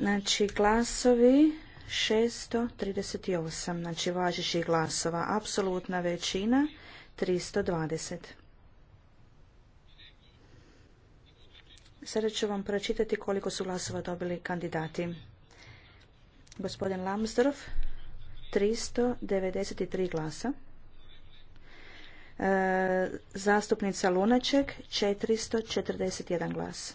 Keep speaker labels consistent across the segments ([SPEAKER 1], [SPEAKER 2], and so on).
[SPEAKER 1] Znači glasovi 638, znači važećih glasova, apsolutna većina 320. Sada ću vam pročitati koliko su glasova dobili kandidati. Gospodin Lamsdorf, 393 glasa. E, zastupnica Lunaček, 441 glas.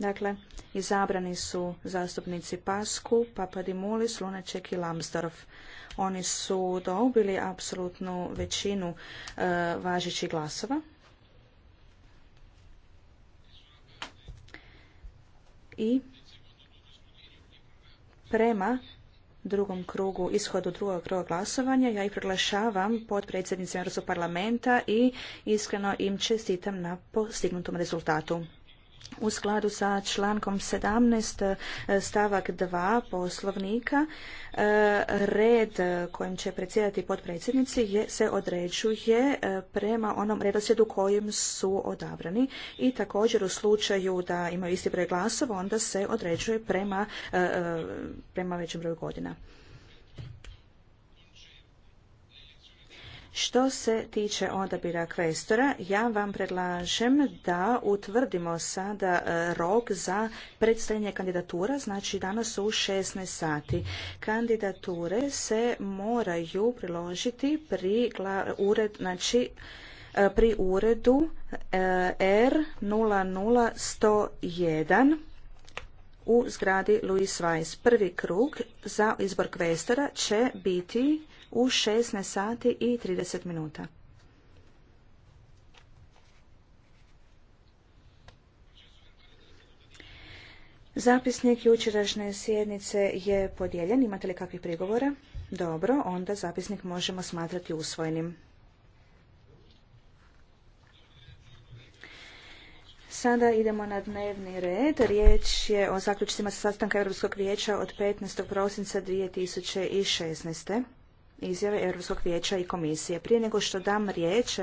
[SPEAKER 1] Dakle, izabrani su zastupnici Pasku, Papadimulis, Lunaček i Lambsdorff. Oni su dobili apsolutnu većinu e, važećih glasova. I prema drugom krugu, ishodu drugog kruga glasovanja, ja ih proglašavam potpredsjednicima Europskog parlamenta i iskreno im čestitam na postignutom rezultatu u skladu sa člankom 17 e, stavak 2 poslovnika e, red kojim će predsjedati potpredsjednici je, se određuje e, prema onom redoslijedu kojim su odabrani i također u slučaju da imaju isti broj glasova onda se određuje prema, prema većem broju godina. Što se tiče odabira kvestora, ja vam predlažem da utvrdimo sada e, rok za predstavljanje kandidatura, znači danas u 16 sati. Kandidature se moraju priložiti pri ured, znači e, pri uredu e, R00101 u zgradi Louis Weiss. Prvi krug za izbor kvestora će biti u 16 sati i 30 minuta. Zapisnik jučerašnje sjednice je podijeljen. Imate li kakvih prigovora? Dobro, onda zapisnik možemo smatrati usvojenim. Sada idemo na dnevni red. Riječ je o zaključcima sastanka Europskog vijeća od 15. prosinca 2016. Izjave Europskog vijeća i komisije. Prije nego što dam riječ